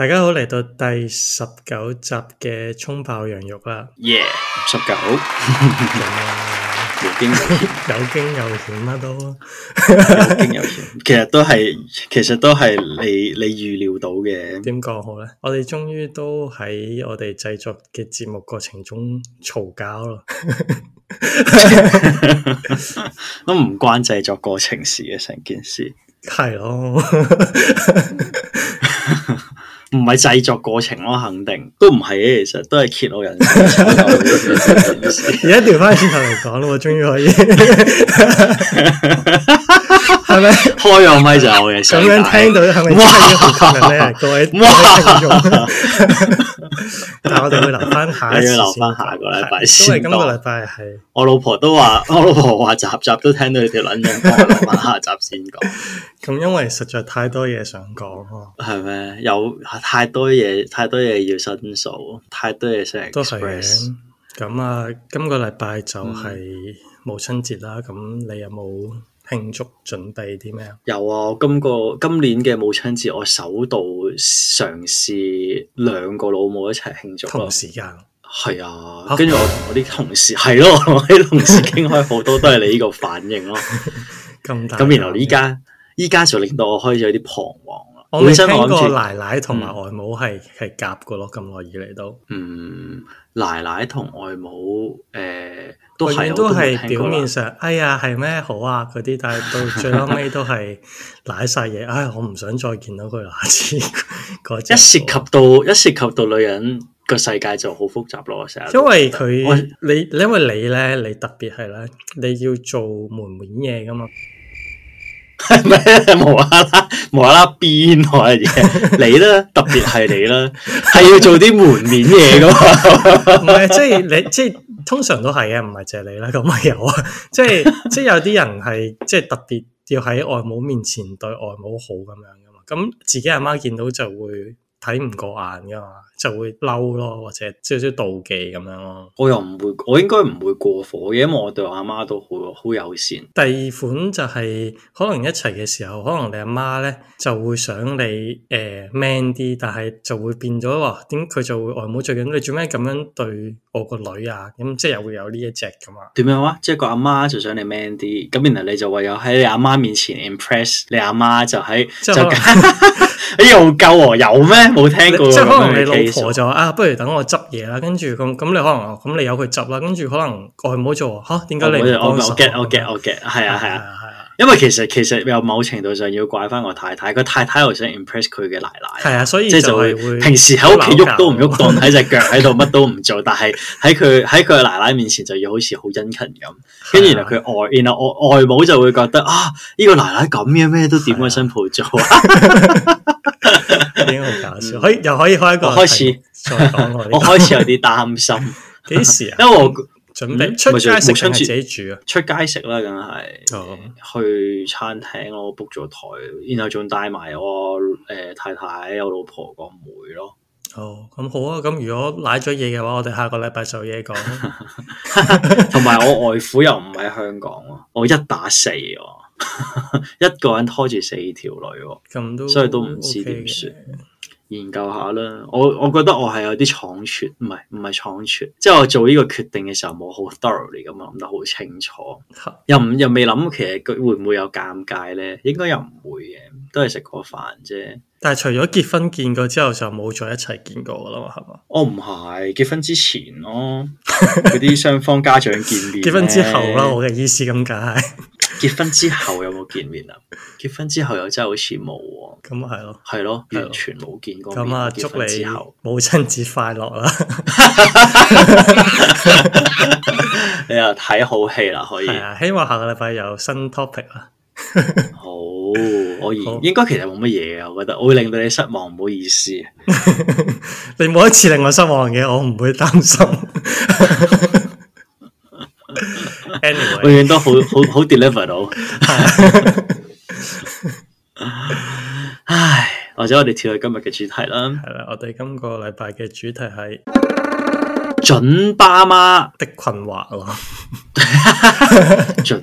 大家好，嚟到第十九集嘅蔥爆羊肉啦，耶！十九有驚有驚 有險啦都，有驚有險，其實都係其實都係你你預料到嘅。點講好咧？我哋終於都喺我哋製作嘅節目過程中嘈交咯， 都唔關製作過程事嘅成件事。 係咯。 唔係製作過程咯，我肯定都唔係嘅，其實都係揭露人的。而家調返轉頭嚟講咯，我終於可以。係咪開個麥就有嘢？咁樣聽到係咪？哇！哇！但係我哋會留翻下，我要留翻下個禮拜先。今個禮拜係我老婆都話，我老婆話雜雜都聽到你條卵人，我諗下集先講。咁因為實在太多嘢想講咯，係咪？有太多嘢，太多嘢要申訴，太多嘢想 express。咁啊，今個禮拜就係母親節啦。咁你有冇？慶祝準備啲咩啊？有啊，今個今年嘅母親節，我首度嘗試兩個老母一齊慶祝咯。同時間係啊， 我跟住我同我啲同事，係咯，我同我啲同事傾開好多 都係你呢個反應咯。咁 大咁，然後依家依家就令到我開始有啲彷徨。我未聽過奶奶同埋外母係係夾個咯，咁耐、嗯、以嚟都。嗯，奶奶同外母，誒、呃，永遠都係表面上，哎呀，係咩好啊嗰啲，但係到最後尾都係奶晒嘢，哎， 我唔想再見到佢、那、啦、個。一涉及到一涉及到女人個世界就好複雜咯，成日我。因為佢你因為你咧，你特別係咧，你要做門面嘢噶嘛。係咩？ 無啦啦，無啦啦變台嘢，你咧特別係你啦，係 要做啲門面嘢噶嘛？唔係， 即係你，即係通常都係嘅，唔係借你啦。咁啊有啊，即係即係有啲人係即係特別要喺外母面前對外母好咁樣噶嘛？咁自己阿媽見到就會。睇唔過眼噶嘛，就會嬲咯，或者即係少少妒忌咁樣咯。我又唔會，我應該唔會過火嘅，因為我對我阿媽、媽都好，好友善。第二款就係、是、可能一齊嘅時候，可能你阿媽咧就會想你誒、呃、man 啲，但係就會變咗話，點佢就會外母最緊，你做咩咁樣對？我個女啊，咁即係又會有呢一隻咁啊？點樣啊？即係個阿媽就想你 man 啲，咁然後你就唯有喺你阿媽面前 impress 你阿媽，就喺就你又夠哦？有咩？冇聽過。即係可能你老婆就啊，不如等我執嘢啦，跟住咁咁，你可能咁你由佢執啦，跟住可能過去唔好做，吓點解你唔？我 get 我 get 我 get，係啊係啊。因為其實其實有某程度上要怪翻我太太，個太太又想 impress 佢嘅奶奶，係啊，所以就，是、就會平時喺屋企喐都唔喐動，動，喺隻腳喺度乜都唔做，但係喺佢喺佢奶奶面前就要好似好殷勤咁，跟住然後佢外然後外外母就會覺得啊，呢、這個奶奶咁嘅咩都點個新抱做啊，已好搞笑、， 嗯，可以 又可以開一個 開始，再這個， 我開始有啲擔心，幾時？因為我。 準備出街食，自己煮啊、嗯！出街食啦，梗係、哦、去餐廳咯，book 咗台，然後仲帶埋我誒、呃、太太，我老婆個妹咯。哦，咁好啊。咁如果瀨咗嘢嘅話，我哋下個禮拜就有嘢講。同埋 我外父又唔喺香港喎， 我一打四、啊，我 一個人拖住四條女，咁都、嗯、所以都唔 okay 知點算。研究下啦，我我覺得我係有啲倉促，唔係唔係倉促，即係我做呢個決定嘅時候冇好 thorough 咁諗得好清楚，又唔又未諗，其實佢會唔會有尷尬呢？應該又唔會嘅，都係食個飯啫。但係除咗結婚見過之後就冇再一齊見過啦嘛，係嘛？我唔係結婚之前咯，嗰啲雙方家長見面。結婚之後啦。我嘅意思咁解。結婚之後有冇見面啊？結婚之後又真係好似冇。咁啊係咯，係咯，完全冇見過。咁啊，祝你母親節快樂啦！ 你啊睇好戲啦，可以、 啊、希望下個禮拜有新 topic 啦。 哦，我而應該其實冇乜嘢啊，我覺得，我會令到你失望，唔好意思。你每一次令我失望嘅，我唔會擔心。Anyway，永遠都好好好 deliver 到。唉，或者我哋跳去今日嘅主題啦。係啦，我哋今個禮拜嘅主題係。準爸媽的困惑咯，準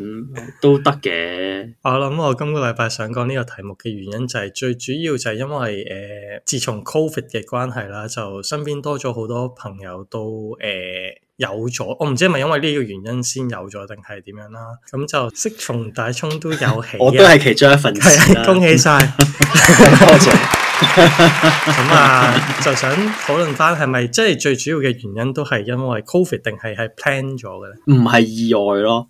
都得嘅。我諗我今個禮拜想講呢個題目嘅原因，就係最主要就係因為誒、呃，自從 Covid 嘅關係啦，就身邊多咗好多朋友都誒有咗。我唔知係咪因為呢個原因先有咗，定係點樣啦？咁就適逢大聰都有喜， 我都係其中一份。係、嗯、恭喜晒。多 咁 啊，就想討論翻係咪即係最主要嘅原因都係因為 Covid 定係係 plan 咗嘅咧？唔係意外咯，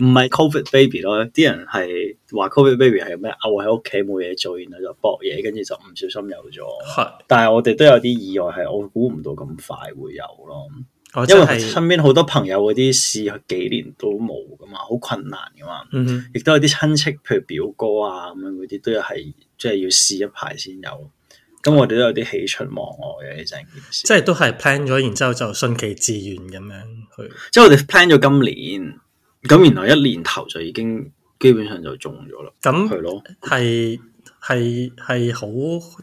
唔係 Covid baby 咯，啲人係話 Covid baby 係咩？漚喺屋企冇嘢做，然後就博嘢，跟住就唔小心有咗。係， 但係我哋都有啲意外，係我估唔到咁快會有咯。就是，因為身邊好多朋友嗰啲試幾年都冇噶嘛，好困難噶嘛，亦都、嗯、哼有啲親戚，譬如表哥啊咁、嗯、樣嗰啲，都有係即係要試一排先有。咁我哋都有啲喜出望外嘅，呢成件事。即係都係 plan 咗，然之後就順其自願咁樣去。嗯、即係我哋 plan 咗今年，咁原來一年頭就已經基本上就中咗啦。咁係咯，係。係係好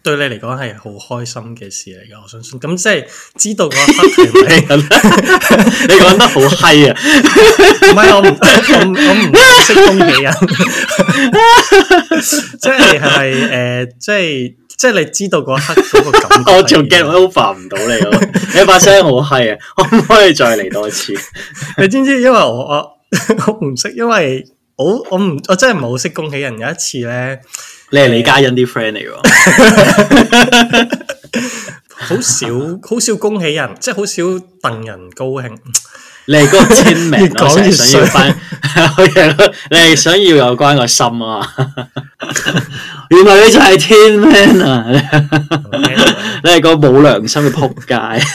對你嚟講係好開心嘅事嚟㗎，我相信。咁、嗯、即係知道嗰一刻係唔係人？你講得好嗨啊！唔係我唔我唔識恭喜人 即、呃，即係係誒，即係即係你知道嗰一刻嗰個感覺我不不。 ide, 我做 game over 唔到你咯，你把聲好嗨啊！我唔可以再嚟多次？ 你知唔知？因為我我唔識，因為我我唔我真係唔好識恭喜人。有一次咧。你係李嘉欣啲 friend 嚟㗎，好少好少恭喜人，即係好少戥人高興。你係個簽名，成日想要翻，你係想要有關個心啊？原來你就係簽名啊？你係個冇良心嘅撲街。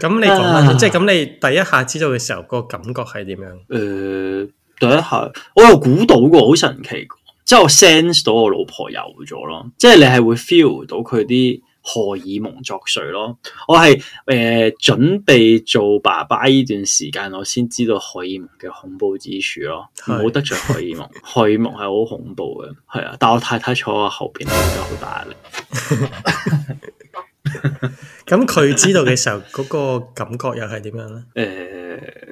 咁你講即係咁你第一下知道嘅時候，個感覺係點樣？誒。對一下，我又估到噶，好神奇，即係我 sense 到我老婆有咗咯，即係你係會 feel 到佢啲荷爾蒙作祟咯。我係誒、呃、準備做爸爸呢段時間，我先知道荷爾蒙嘅恐怖之處咯，唔好得罪荷爾蒙， 荷爾蒙係好恐怖嘅，係啊。但我太太坐我後邊，我覺得好大壓力。 咁佢 知道嘅時候，嗰個感覺又係點樣咧？誒、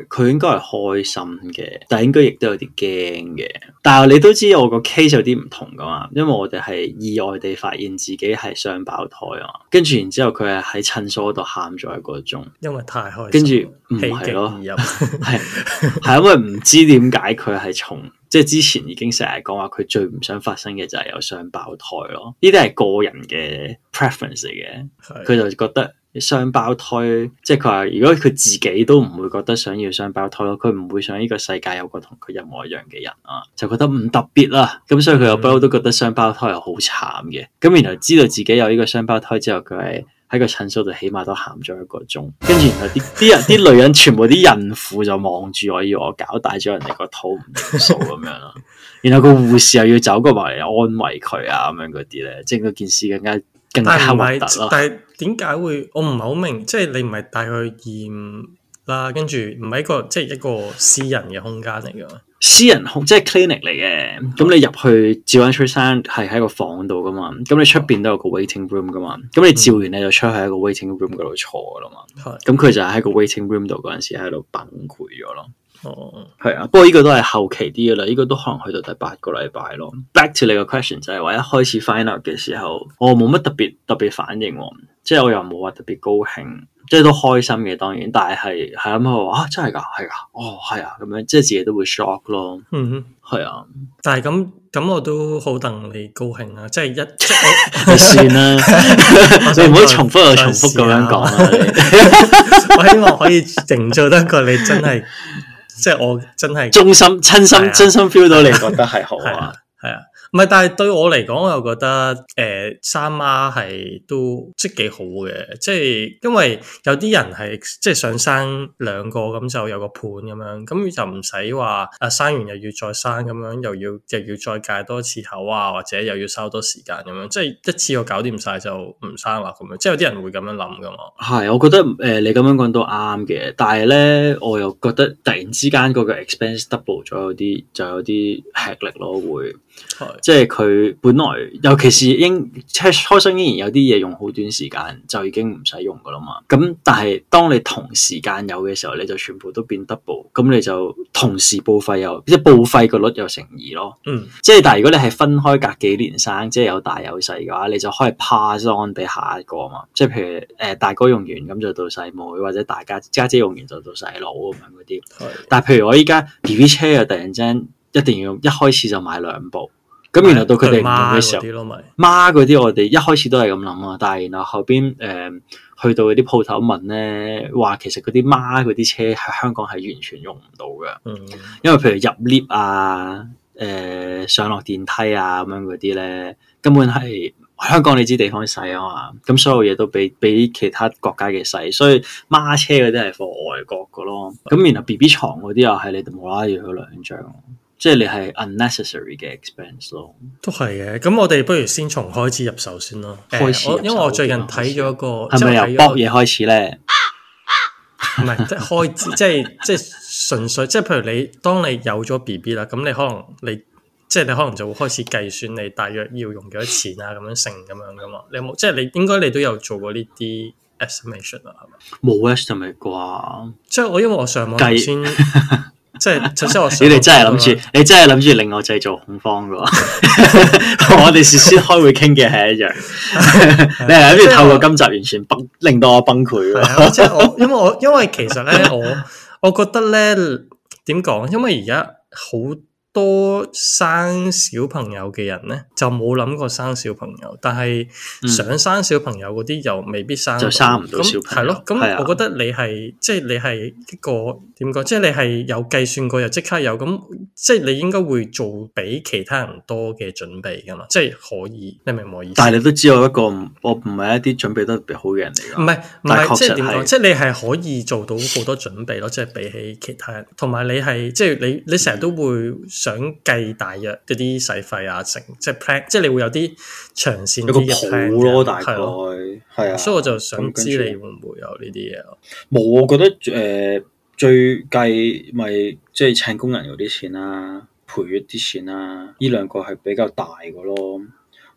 呃，佢應該係開心嘅，但係應該亦都有啲驚嘅。但係你都知道我個 case 有啲唔同噶嘛？因為我哋係意外地發現自己係雙胞胎啊嘛，跟住然之後佢係喺診所度喊咗一個鐘，因為太開心，跟住唔係咯，係係 因為唔知點解佢係從。即係之前已經成日講話佢最唔想發生嘅就係有雙胞胎咯，呢啲係個人嘅 preference 嚟嘅，佢的就覺得雙胞胎，即係佢話如果佢自己都唔會覺得想要雙胞胎咯，佢唔會想呢個世界有個同佢一模一樣嘅人啊，就覺得唔特別啦，咁所以佢有不嬲都覺得雙胞胎係好慘嘅，咁然後知道自己有呢個雙胞胎之後，佢係。喺個診所度起碼都喊咗一個鐘，跟住，然後啲啲人啲女人，人全部啲孕婦就望住我，要我搞大咗人哋個肚唔數咁樣啦，然後個護士又要走過埋嚟，安慰佢啊咁樣嗰啲咧，即係嗰件事更加更加核突咯。但係點解會？我唔係好明，即係你唔係帶佢驗啦，跟住唔係一個即係一個私人嘅空間嚟嘅。私人即係 clinic 嚟嘅，咁、嗯、你入去照眼出身係喺個房度噶嘛，咁你出邊都有個 waiting room 噶嘛，咁你照完你就出去喺個 waiting room 嗰度坐啦嘛，係、嗯，咁佢就喺個 waiting room 度嗰陣時喺度崩潰咗咯，哦，係啊，不過呢個都係後期啲噶啦，呢、呢個都可能去到第八個禮拜咯。Back to 你個 question 就係話一開始 find out 嘅時候，我冇乜特別特別反應，即係我又冇話特別高興。即係都開心嘅，當然，但係係咁去話啊，真係噶，係噶，哦，係啊，咁樣，即係自己都會 shock 咯。嗯哼，係啊，但係咁咁，我都好等你高興你啊！即係一，你算啦，你唔可以重複又重複咁樣講啊！我希望可以定做得過你真，真係，即係我真係衷心、真心、真心 feel 到你覺得係好啊，係啊。唔係，但係對我嚟講，我又覺得誒、呃，生孖係都即幾好嘅。即係因為有啲人係即係想生兩個咁，就有個伴咁樣。咁就唔使話誒，生完又要再生咁樣，又要又要再戒多次口啊，或者又要收多時間咁樣。即係一次我搞掂晒就唔生啦咁樣。即係有啲人會咁樣諗噶嘛。係，我覺得誒、呃，你咁樣講都啱嘅。但係咧，我又覺得突然之間個個 expense double 咗，有啲就有啲吃力咯，會。即係佢本來，尤其是英即係初生，依然有啲嘢用好短時間就已經唔使用噶啦嘛。咁但係當你同時間有嘅時候，你就全部都變 double，咁你就同時報廢又即係報廢個率又成二咯。嗯即，即係但係如果你係分開隔幾年生，即係有大有細嘅話，你就可以 pass on 俾下一個嘛。即係譬如誒、呃、大哥用完咁就到細妹，妹，或者大家家姐用完就到細佬咁嗰啲。係，但係譬如我依家 B B 車又突然間。一定要一開始就買兩部咁，是然後到佢哋孖嘅時候，孖嗰啲我哋一開始都係咁諗啊。是但係然後後邊誒、呃、去到嗰啲鋪頭問咧，話其實嗰啲孖嗰啲車喺香港係完全用唔到嘅，嗯、因為譬如入 lift 啊、誒、呃、上落電梯啊咁樣嗰啲咧，根本係香港你知地方細啊嘛，咁所有嘢都比比其他國家嘅細，所以孖車嗰啲係放外國㗎囉。咁是然後 B B 床嗰啲又係你無啦啦要兩張。即係你係 unnecessary 嘅 expense 咯，都係嘅。咁我哋不如先從開始入手先咯。開始、欸、因為我最近睇咗個，即係包嘢開始咧，唔係即係開支， 即係即係純粹，即係譬如你當你有咗 B B 啦，咁你可能你即係你可能就會開始計算你大約要用幾多錢啊，咁樣成，咁樣噶嘛。你有冇即係你應該你都有做過呢啲 estimation 啊？係咪？冇 estimate 啩？即係我因為我上網計。 即係，即係我。你哋真係諗住，你真係諗住令我製造恐慌噶。 我哋事先開會傾嘅係一樣 你是，你係諗住透過今集完全崩，令到我崩潰我 、啊。即係我，因為我因為其實咧，我我覺得咧，點講？因為而家好。多生小朋友嘅人咧，就冇諗過生小朋友，但係想生小朋友嗰啲又未必生、嗯。就生唔到小朋友，係咯？咁我覺得你係、啊、即係你係一個點講？即係你係有計算過又即刻有咁，即係你應該會做比其他人多嘅準備噶嘛？即係可以，你明唔明我意思？但係你都知道我一個，我唔係一啲準備得特別好嘅人嚟噶。唔係唔係，即係點講？即係你係可以做到好多準備咯，即係比起其他人，同埋你係、嗯、即係你你成日都會。想計大約嗰啲使費啊，成即係 plan，即係你會有啲長線 plan，個 plan 咯、啊，大概係啊，啊所以我就想后知你會唔會有呢啲嘢咯？冇，我覺得誒、呃、最計咪即係請工人嗰啲錢啦、啊，陪月啲錢啦、啊，呢兩個係比較大嘅咯。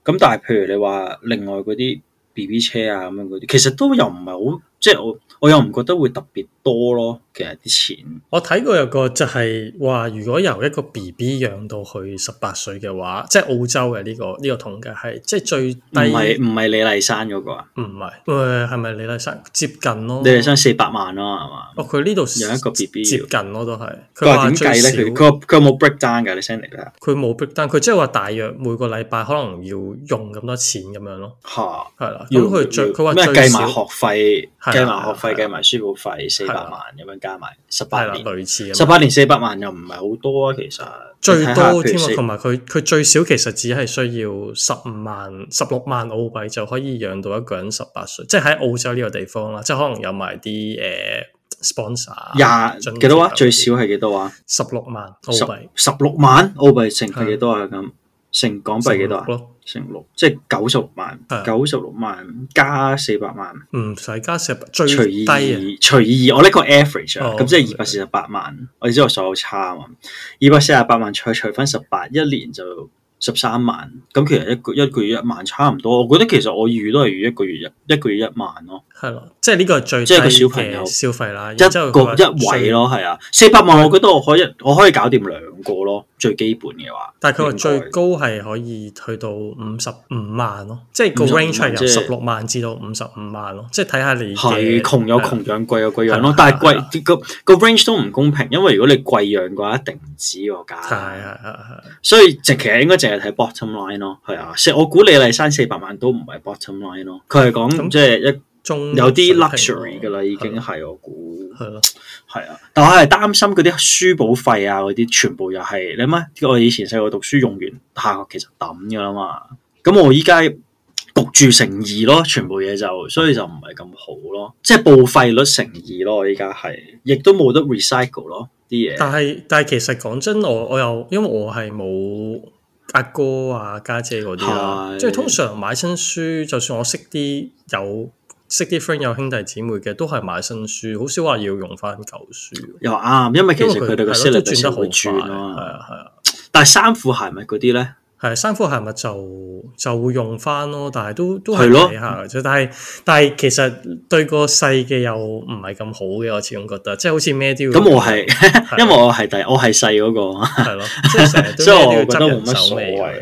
咁但係譬如你話另外嗰啲 B B 車啊咁樣嗰啲，其實都又唔係好，即係我我又唔覺得會特別。多咯，其實啲錢，我睇過有個就係話，如果由一個 B B 養到去十八歲嘅話，即係澳洲嘅呢個呢個統計係即係最低，唔係唔係李麗珊嗰個啊？唔係誒，係咪李麗珊接近咯？李麗珊四百萬啦，係嘛？哦，佢呢度有一個 B B 接近咯，都係佢話點計咧？佢佢佢有冇 break down 嘅你 send 嚟咧？佢冇 break down，佢即係話大約每個禮拜可能要用咁多錢咁樣咯。嚇係啦，如果佢最佢話計埋學費，計埋學費，計埋書簿費。八萬咁樣加埋，十八年類似，十八年四百萬又唔係好多啊，其實最多添，同埋佢佢最少其實只係需要十五萬十六萬澳幣就可以養到一個人十八歲，即係喺澳洲呢個地方啦，即係可能有埋啲誒 sponsor 20,。廿，幾多啊？最少係幾多啊？十六萬澳幣，十六萬澳幣，剩係幾多啊？咁？成港幣幾多咯？成六，即係九十六萬，九十六萬加四百萬。唔使加四百，最低。除以二，除以二，我呢個 average 咁即係二百四十八萬。的我哋知道所有差啊嘛，二百四十八萬除除返十八一年就十三萬。咁其實一個一個月一萬差唔多。我覺得其實我預都係預一個月一一個月一萬咯、哦。係咯，即係呢個係最，即係個小朋友消費啦，一個一位咯，係啊，四百萬我覺得我可以，我可以搞掂兩個咯，最基本嘅話。但係佢話最高係可以去到五十五萬咯，即係個 range 係由十六萬至到五十五萬咯，即係睇下你嘅。係窮有窮養，貴有貴養咯。但係貴個個 range 都唔公平，因為如果你貴養嘅話，一定唔止個價。係係係。所以直其實應該淨係睇 bottom line 咯，係啊，實我估你嚟四百萬都唔係 bottom line 咯，佢係講即係一。仲有啲 luxury 噶啦，已經係的我估係咯，係啊的的。但我係擔心嗰啲書簿費啊，嗰啲全部又係你諗下，我以前細個讀書用完下學其實揼噶啦嘛。咁我依家焗住成二咯，全部嘢，就所以就唔係咁好咯。即係報廢率成二咯，我依家係亦都冇得 recycle 咯啲嘢。但係但係其實講真，我我又因為我係冇阿哥啊家姐嗰啲咯，即係的通常買新書，就算我識啲有。識啲 friend 有兄弟姊妹嘅都係買新書，好少話要用翻舊書。又啱，因為其實佢哋個歷史都轉得好快。係啊係啊，但係衫褲鞋襪嗰啲咧，係衫褲鞋襪就就會用翻咯，但係都都係睇下。就的但係但係其實對個細嘅又唔係咁好嘅，我始終覺得，即係好似咩都要。咁我係，的因為我係第我係細嗰個，係 咯，即係成日都，都手。即係 我覺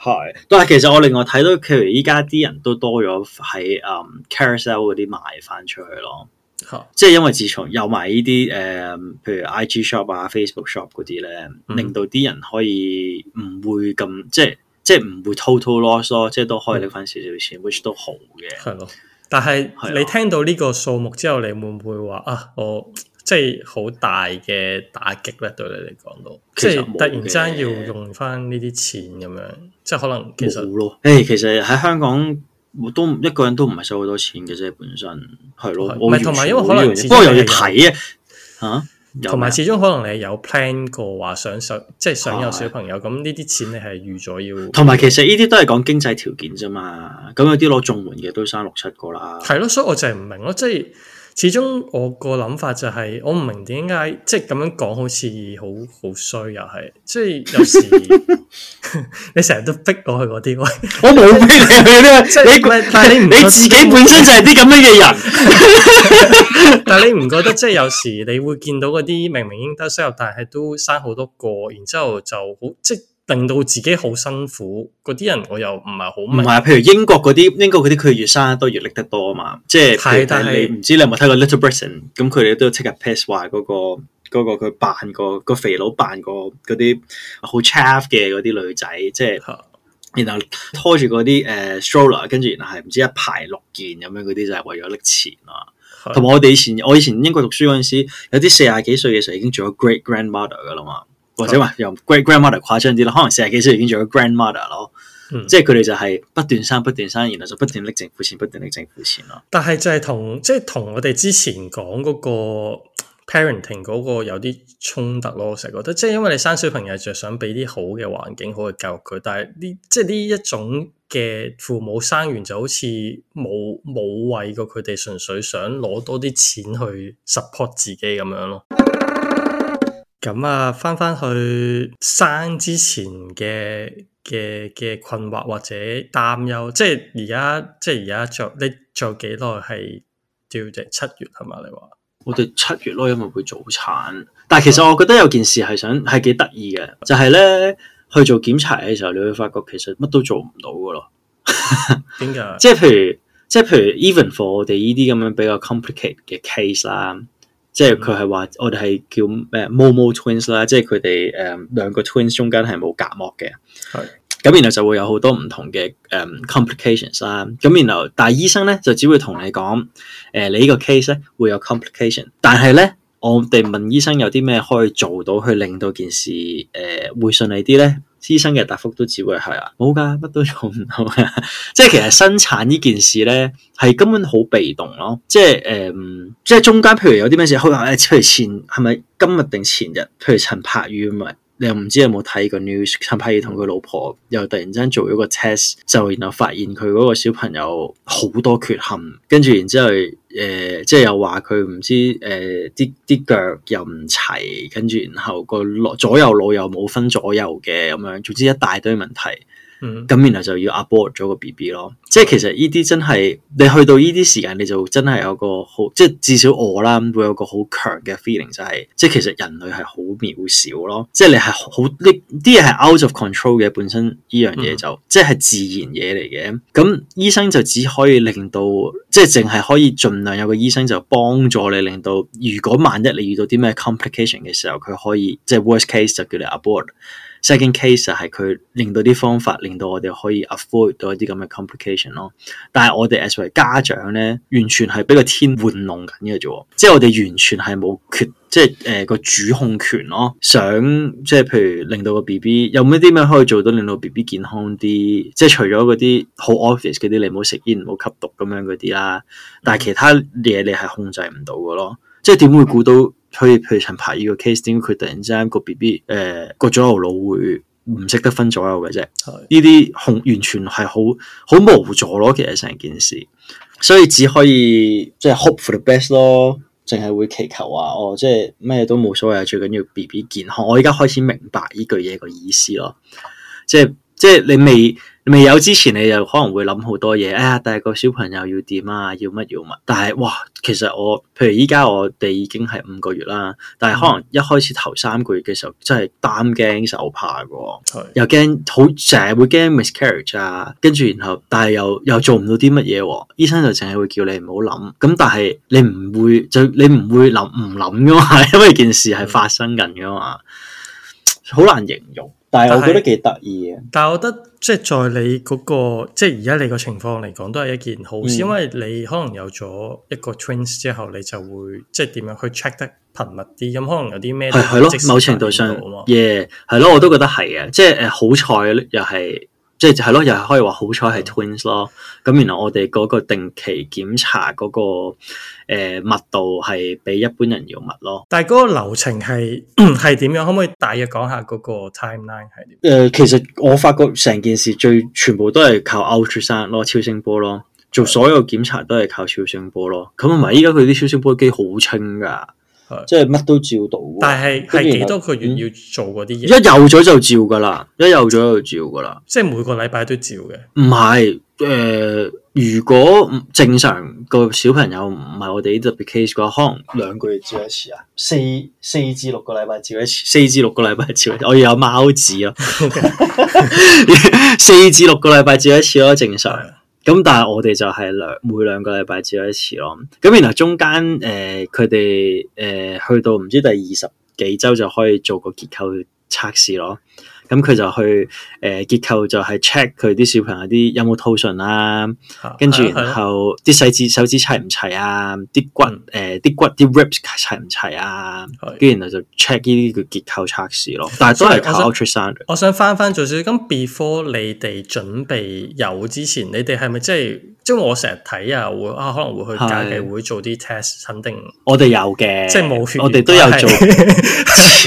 係，但係其實我另外睇到，譬如依家啲人都多咗喺誒、um, carousel 嗰啲賣翻出去咯，啊、即係因為自從有埋呢啲誒，um, 譬如 IG shop 啊、Facebook shop 嗰啲咧，嗯、令到啲人可以唔會咁，即係即係唔會 total loss 即係都可以拎翻少少錢、嗯、，which 都好嘅。係咯，但係的你聽到呢個數目之後，你會唔會話啊我？即係好大嘅打擊咧，對你嚟講都，即係突然之間要用翻呢啲錢咁樣，即係可能其實誒、欸，其實喺香港都一個人都唔係收好多錢嘅啫，本身係咯，唔係同埋因為可能，不過又要睇啊吓，同埋始終可能你有 plan 過話想想，即係想有小朋友咁呢啲錢你係預咗要，同埋其實呢啲都係講經濟條件啫嘛，咁有啲攞綜援嘅都生六七個啦，係咯，所以我就係唔明咯，即係。始終我個諗法就係、是，我唔明點解即係咁樣講，好似好好衰又係，即係有時 你成日都逼我去嗰啲， 我冇逼你去啦。即係你， 但係你自你自己本身就係啲咁樣嘅人。 但係你唔覺得即係有時你會見到嗰啲明明應該收入，但係都生好多個，然之後就好即令到自己好辛苦，嗰啲人我又唔係好明。唔係啊，譬如英國嗰啲，英國嗰啲佢越生，越生越得多越拎得多啊嘛，即係。的但係唔知你有冇睇過 Little Britain？咁佢哋都 take a piss 話嗰個佢、嗰個、扮過、嗰個個肥佬扮個嗰啲好 chaff 嘅嗰啲女仔，即係的然後拖住嗰啲誒 stroller 跟住然後係唔知一排六件咁樣嗰啲就係、係、為咗拎錢啊。同埋的我哋以前我以前英國讀書嗰陣時，有啲四十幾歲嘅時候已經做咗 great grandmother 噶啦嘛。或者話用 great grandmother 誇張啲啦，可能四十幾歲已經做咗 grandmother 咯，嗯、即係佢哋就係不斷生不斷生，然後就不斷拎政府錢、不斷拎政府錢咯。但係就係同即係同我哋之前講嗰個 parenting 嗰個有啲衝突咯，我成日覺得即係、就是、因為你生小朋友就想俾啲好嘅環境、好嘅教育佢，但係呢即係呢一種嘅父母生完就好似冇冇為過佢哋，純粹想攞多啲錢去 support 自己咁樣咯。咁啊，翻翻去生之前嘅嘅嘅困惑或者擔憂，即係而家即係而家做你做幾耐係叫就七月係嘛？你話我哋七月咯，因為會早產。但係其實我覺得有件事係想係幾得意嘅，就係、是、咧去做檢查嘅時候，你會發覺其實乜都做唔到噶咯。點解？ 即係譬如，即係譬如，even for 我哋呢啲咁樣比較 complicated 嘅 case 啦。即係佢係話，我哋係叫咩？MoMo Twins 啦，即係佢哋誒兩個 twins 中間係冇隔膜嘅。係，咁然後就會有好多唔同嘅誒 complications 啦。咁然後，但係醫生咧就只會同你講，誒、呃、你呢個 case 咧會有 complications，但係咧我哋問醫生有啲咩可以做到去令到件事誒、呃、會順利啲咧？醫生嘅答覆都只會係啊，冇㗎，乜都做唔到嘅。即係其實生產呢件事咧，係根本好被動咯。即係誒、呃，即係中間譬如有啲咩事，可能誒隨前係咪今日定前日？譬如陳柏宇咪。你又唔知有冇睇過 news？近排同佢老婆又突然之間做咗個 test，就然後發現佢嗰個小朋友好多缺陷，跟住然之後，誒、呃、即係又話佢唔知誒啲啲腳又唔齊，跟住然後個左右腦又冇分左右嘅咁樣，總之一大堆問題。咁然後就要 abort 咗個 BB 咯，即係其實呢啲真係你去到呢啲時間，你就真係有個好，即係至少我啦，會有個好強嘅 feeling，就係、是、即係其實人類係好渺小咯，即係你係好呢啲嘢係 out of control 嘅本身呢樣嘢就即係自然嘢嚟嘅，咁醫生就只可以令到即係淨係可以儘量有個醫生就幫助你，令到如果萬一你遇到啲咩 complication 嘅時候，佢可以即係 worst case 就叫你 abort。Second case 係佢令到啲方法，令到我哋可以 avoid 到一啲咁嘅 complication 咯。但係我哋 as 作為家長咧，完全係俾個天玩弄緊嘅啫，即係我哋完全係冇決，即係誒個主控權咯想。想即係譬如令到個 B B 有冇啲咩可以做到令到 B B 健康啲，即係除咗嗰啲好 obvious 嗰啲，你唔好食煙、唔好吸毒咁樣嗰啲啦。但係其他嘢你係控制唔到㗎咯，即係點會估到？譬如譬如，陳排呢個 case 點解佢突然之間個 B B 誒個左右腦會唔識得分左右嘅啫？呢啲好完全係好好無助咯，其實成件事，所以只可以即係、就是、hope for the best 咯，淨係會祈求話哦，即係咩都冇所謂，最緊要 B B 健康。我而家開始明白呢句嘢個意思咯，即係即係你未。未有之前，你就可能會諗好多嘢。哎呀，但係個小朋友要點啊？要乜要乜？但係，哇，其實我，譬如依家我哋已經係五個月啦。但係可能一開始頭三個月嘅時候，真係擔驚受怕嘅，又驚好成日會驚 miscarriage 啊。跟住然後，但係又又做唔到啲乜嘢，醫生就淨係會叫你唔好諗。咁但係你唔會就你唔會諗唔諗噶嘛？因為件事係發生緊噶嘛，好的難形容。但係，我覺得幾得意嘅。但係，我覺得即係、就是、在你嗰、那個，即係而家你個情況嚟講，都係一件好事，嗯、因為你可能有咗一個 twins 之後，你就會即係點樣去 check 得頻密啲。咁可能有啲咩係係咯，某程度上 yeah 係咯，我都覺得係嘅。即係誒，好彩又係。即係就係咯，又係可以話好彩係 twins 咯，嗯。咁原來我哋嗰個定期檢查嗰、嗰個誒、呃、密度係比一般人要密咯。但係嗰個流程係係點樣？可唔可以大約講下嗰個 timeline 係點？誒、呃，其實我發覺成件事最全部都係靠 ultrasound 咯，超聲波咯，做所有檢查都係靠超聲波咯。咁唔係，依家佢啲超聲波機好清噶。即係乜都照到，但係係幾多個月要做嗰啲嘢？一有咗就照㗎喇，一有咗就照㗎喇。即係每個禮拜都照嘅。唔係，誒、呃，如果正常個小朋友唔係我哋呢特別 case 嘅話，可能兩個月照一次啊。四四至六個禮拜照一次，四至六個禮拜照一次。我又有貓紙啊， 四至六個禮拜照一次咯，正常。咁但係我哋就係兩每兩個禮拜只有一次咯，咁原來中間誒佢哋誒去到唔知第二十幾周就可以做個結構測試咯。咁佢、嗯、就去誒、呃、結構就係 check 佢啲小朋友啲有冇套順啦，跟住然後啲手指手指齊唔齊啊，啲骨誒啲骨啲 ribs 齊唔齊啊，跟住然後就 check 呢啲嘅結構測試咯。但係都係靠 ultrasound 我，我，我想翻翻做少，咁 before 你哋準備有之前，你哋係咪即係即係我成日睇啊會啊可能會去家計會做啲 test，肯定的我哋有嘅，即係冇血，我哋都有做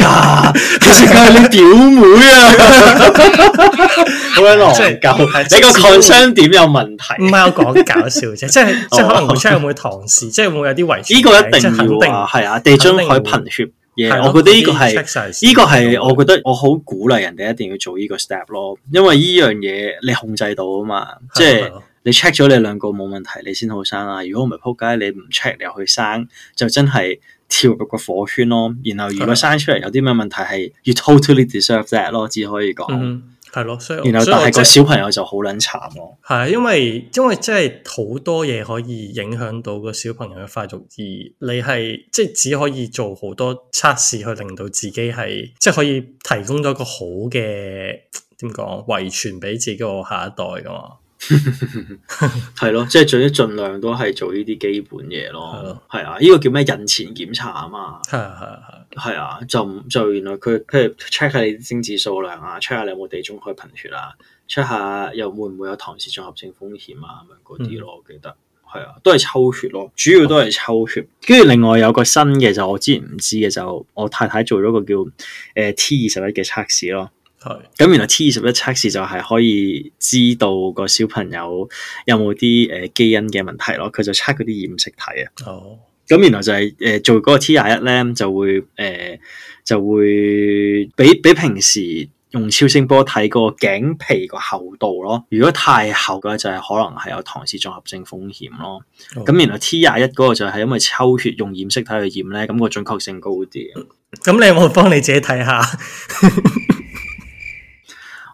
啊是的！你表妹啊～咁 好鬼狼搞， 你個抗生點有問題？唔係我講搞笑啫，就是 oh. 即係即係可能 check 有冇唐氏，哦、即係會有啲遺。呢個一定要係啊，啊，啊！地中海貧血嘢，我覺得呢個係呢個係我覺得我好鼓勵人哋一定要做呢個 step 咯，因為呢樣嘢你控制到啊嘛，即係、嗯、你 check 咗你兩個冇問題，你先好生啊。如果唔係仆街，你唔 check 你又去生，就真係～跳入個火圈咯，然後如果生出嚟有啲咩問題，係 You totally deserve that 咯，只可以講，係咯、嗯。所以然後但係個小朋友就好撚慘咯、啊。係，因為因為即係好多嘢可以影響到個小朋友嘅發育，而你係即係只可以做好多測試，去令到自己係即係可以提供咗個好嘅點講，遺傳俾自己個下一代噶嘛。係咯，即係最，盡、就是、量都係做呢啲基本嘢咯。係 啊，呢、這個叫咩？孕前檢查啊嘛，係 啊係啊係啊，就就原來佢譬如 check 下你精子數量啊，check 下你有冇地中海貧血啊，check 下又會唔會有唐氏綜合症風險啊，咁嗰啲咯，嗯、我記得係啊，都係抽血咯，主要都係抽血。跟住 另外有個新嘅就我之前唔知嘅就我太太，太做咗個叫誒 T 二十一嘅測試咯。咁原來 T 二十一測試就係可以知道個小朋友有冇啲誒，基因嘅問題咯，佢就測嗰啲染色體啊。哦,咁原來就係誒做嗰個 T 廿一，咧就會誒、呃、就會比比平時用超聲波睇個頸皮個厚度咯。如果太厚嘅話，就係可能係有唐氏綜合症風險咯。咁原來 T 廿一嗰個就係因為抽血用染色體去染咧，咁個準確性高啲。咁你有冇幫你自己睇下？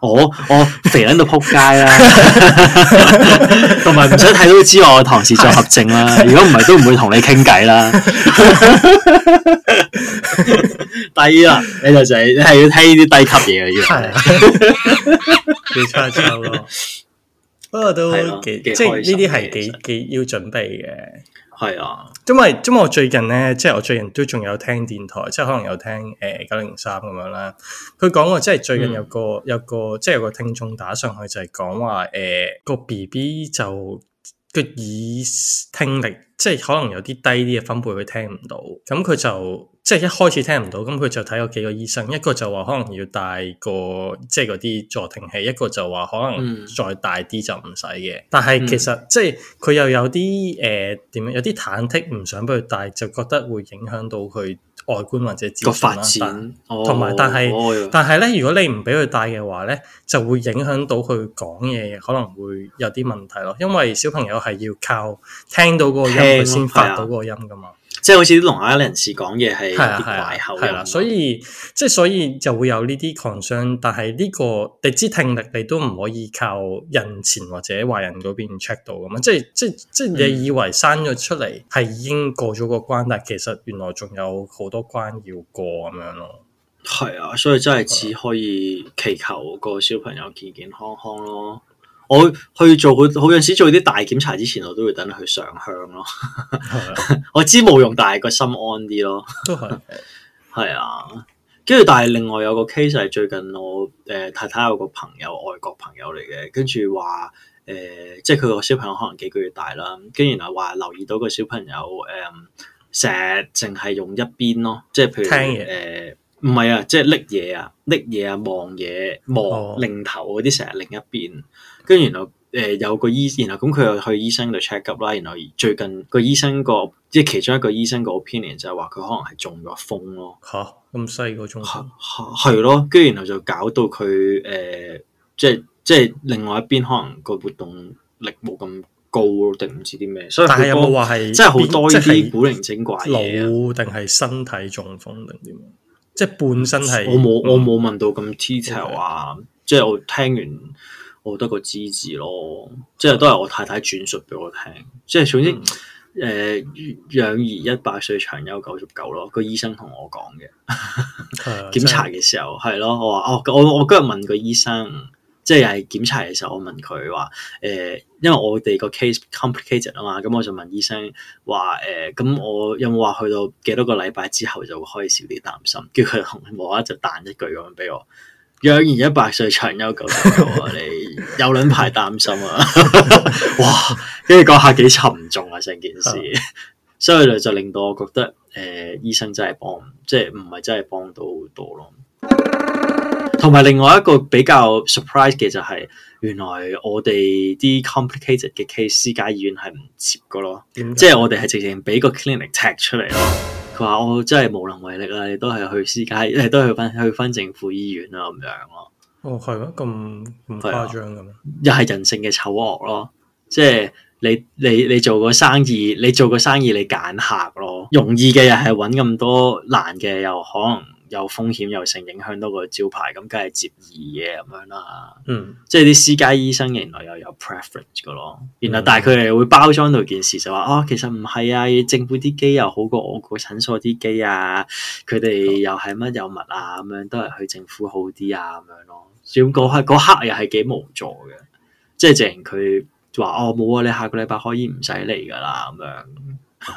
Oh, oh, 到我我肥喺度扑街啦，同埋唔想睇到知我唐氏綜合症啦。如果唔係，都唔會同你傾偈啦。第二啦，你就你係要聽呢啲低級嘢嘅要。真係醜咯，不過都幾即係呢啲係幾 幾要準備嘅。係啊，因為因為我最近咧，即係我最近都仲有聽電台，即係可能有聽誒九零三咁樣啦。佢講話即係最近有個、嗯、有個即係有個聽眾打上去就係講話誒個 BB 就。個耳聽力即係可能有啲低啲嘅分貝佢聽唔到，咁佢就即係一開始聽唔到，咁佢就睇過幾個醫生，一個就話可能要戴個即係嗰啲助聽器，一個就話可能再大啲就唔使嘅。但係其實即係佢又有啲誒點樣，有啲忐忑唔想俾佢戴，就覺得會影響到佢。外觀或者姿勢，同埋展但係、哦、但係咧、哦，如果你唔俾佢戴嘅話咧，就會影響到佢講嘢，可能會有啲問題咯。因為小朋友係要靠聽到嗰個音，佢先的發到嗰個音噶嘛。即係好似啲聾啞人士講嘢係有啲怪口，啊，係啦，啊啊，所以即係所以就會有呢啲 concern。但係呢個你知聽力你都唔可以靠人前或者壞人嗰邊 check 到咁啊，即係即係即係你以為生咗出嚟係已經過咗個關，但係其實原來仲有好多關要過咁樣咯。係啊，所以真係只可以祈求個小朋友健健康康咯。我去做佢，好有陣時做啲大檢查之前，我都會等佢上香咯。 我知冇用，但係個心安啲咯。都係啊，跟住但係另外有個 case 係最近我誒、呃、太太有個朋友，外國朋友嚟嘅，跟住話誒，即係佢個小朋友可能幾個月大啦，跟住然後話留意到個小朋友誒成日淨係用一邊咯，即係譬如誒唔係啊，即係拎嘢啊，拎嘢啊，望嘢望擰頭嗰啲成日另一邊。跟住然後誒、呃、有個醫然後咁佢又去醫生度 check up 啦，然後最近個醫生個即係其中一個醫生個 opinion 就係話佢可能係中咗風咯吓，咁細個中風係咯，跟住、啊、然後就搞到佢誒、呃、即係、嗯、即係另外一邊可能個活動力冇咁高咯，定唔知啲咩？所以但係有冇話係即係好多呢啲古靈精怪嘢啊？定係身體中風定點？即係半身係我冇沒老 我冇問到咁 detail 啊！Okay. 即係我聽完。我得個知字咯，即係都係我太太轉述俾我聽，即係總之，誒、嗯呃，養兒一百歲長憂九十九咯。個醫生同我講嘅，檢、嗯、 查嘅時候係咯、嗯，我話哦，我我，我，我今日問個醫生，即係又係檢查嘅時候，我問佢話，誒、呃，因為我哋個 case complicated 啊嘛，咁我就問醫生話，誒、呃，咁我有冇話去到幾多個禮拜之後就可以少啲擔心？叫佢同我一就彈一句咁樣俾我。養完一百歲長休狗，你有兩排擔心啊！ 哇，跟住講下幾沉重啊成件事， 所以就就令到我覺得誒、呃，醫生真係幫，即係唔係真係幫到好多咯。同埋 另外一個比較 surprise 嘅就係、是，原來我哋啲 complicated 嘅 case 私家醫院係唔接噶咯，即係、嗯、我哋係直情俾個 clinic 踢出嚟咯。話我真係無能為力啦，你都係去私家，亦都去翻去翻政府醫院啦，咁樣咯。哦，係咩？咁咁誇張嘅咩？又係人性嘅醜惡咯，即係你你你做個生意，你做個生意你揀客咯，容易嘅又係搵咁多，難嘅又可能。有風險又性影響到個招牌，咁梗係接二嘢咁樣啦。嗯，即係啲私家醫生原來又有 preference 噶咯，然後但係佢哋會包裝到件事就話、嗯、哦，其實唔係啊，政府啲機又好過我個診所啲機啊，佢哋又係乜有物啊，咁樣都係去政府好啲啊咁樣咯。小嗰刻刻又係幾無助嘅，即係淨佢話哦，冇啊，你下個禮拜可以唔使嚟㗎啦咁樣。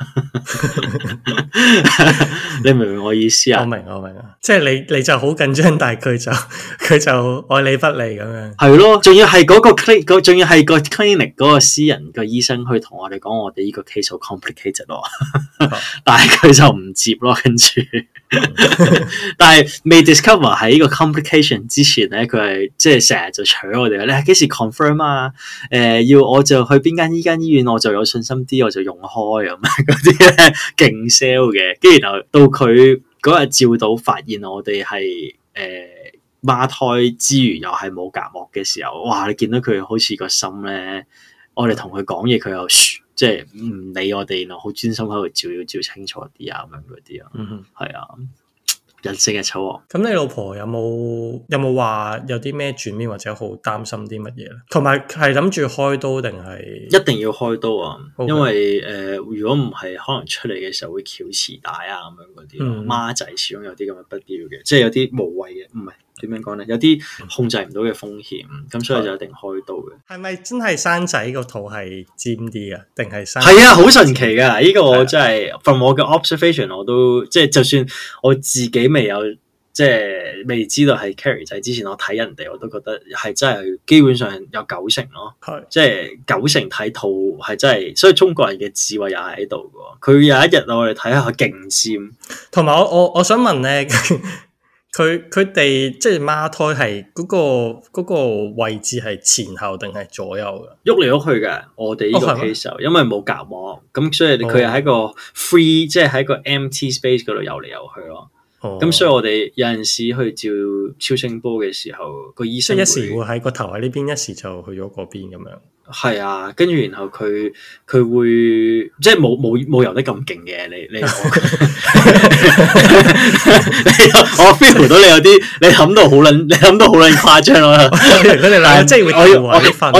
你明唔明我意思啊？我明，我明，啊。即係你，你就好緊張，但係佢就佢就愛理不理咁樣係咯。仲要係嗰個 clinic，仲要係個 clinic 嗰、嗰個私人個醫生，去同我哋講，我哋呢個 case 好 complicated 咯。 但係佢就唔接咯，跟住但係未 discover 喺呢個 complication 之前咧，佢係即係成日就搶我哋。你係幾時 confirm 啊？誒、呃，要我就去邊間依間醫院，我就有信心啲，我就用開咁。嗰啲咧勁 sell 嘅，跟住就到佢嗰日照到，發現我哋係誒孖胎之餘，又係冇隔膜嘅時候，哇！你見到佢好似個心咧，我哋同佢講嘢，佢又即係唔理我哋咯，好專心喺度照要照，照清楚啲、嗯、哼啊，咁樣嗰啲啊，嗯係啊。人性嘅醜惡，咁你老婆有冇有冇話有啲咩轉面，或者好擔心啲乜嘢咧？同埋係諗住開刀定係一定要開刀啊？Okay. 因為誒、呃，如果唔係，可能出嚟嘅時候會翹臍帶啊，咁樣嗰啲孖仔，始終有啲咁嘅不必要嘅，即係有啲無謂嘅，唔係。點樣講咧？有啲控制唔到嘅風險，咁、嗯、所以就一定開刀嘅。係咪真係生仔個肚係尖啲啊？定係生？係啊，好神奇噶！呢、這個我真係 from 我嘅 observation，我都即係，就算我自己未有，即係未知道係 carry 仔之前，我睇人哋，我都覺得係真係，基本上有九成咯。即係、啊、九成睇肚係真係，所以中國人嘅智慧又係喺度噶。佢有一日我哋睇下，佢勁尖。同埋我我我，我想問你。 佢佢哋即係孖胎、嗰個，係嗰個個位置係前後定係左右嘅，喐嚟喐去嘅，我哋呢個其實、哦、因為冇隔膜，咁所以佢係喺個 free，、哦、即係喺個 empty space 嗰度游嚟游去咯。咁、oh. 所以我哋有陣時去照超聲波嘅時候，個醫生一時會喺個頭喺呢邊，一時就去咗嗰邊咁樣。係啊，跟住然後佢佢會即係冇冇冇遊得咁勁嘅，你你我 feel 到你有啲你諗到好撚你諗到好撚誇張咯。即 係 我要我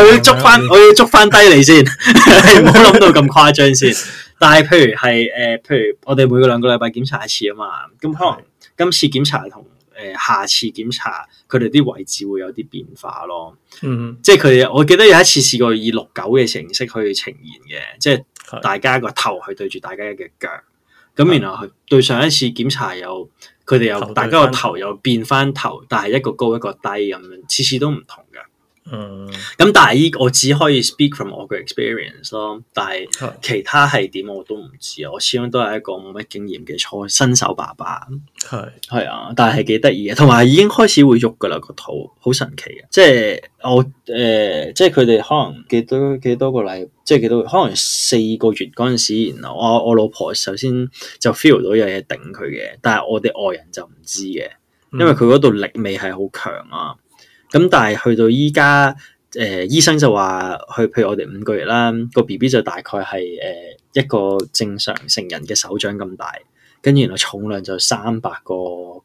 要捉翻我要捉翻低你先，唔好諗到咁誇張先。 但係譬如係誒、呃，譬如我哋每個兩個禮拜檢查一次啊嘛，咁可能。今次檢查同誒、呃、下次檢查，佢哋啲位置會有啲變化咯。嗯哼，即係佢，我記得有一次試過以六九嘅形式去呈現嘅，即係大家個頭去對住大家嘅腳。咁的然後去對上一次檢查又，又佢哋又大家個頭又變翻頭，但係一個高一個低咁樣，次次都唔同。嗯，咁但係依我只可以 speak from 我嘅 experience 咯，但係其他係點我都唔知，是我始終都係一個冇乜經驗嘅初新手爸爸，係係是啊，但係係幾得意嘅，同埋已經開始會喐噶啦個肚，好神奇嘅，即係我誒、呃，即係佢哋可能幾多幾多個禮，即係幾多可能四個月嗰陣時，然後我我老婆首先就 feel 到有嘢頂佢嘅，但係我哋外人就唔知嘅，因為佢嗰度力美係好強啊。嗯咁但係去到依家，誒、呃、醫生就話，去譬如我哋五個月啦，個 B B 就大概係誒一個正常成人嘅手掌咁大，跟住原來重量就三百個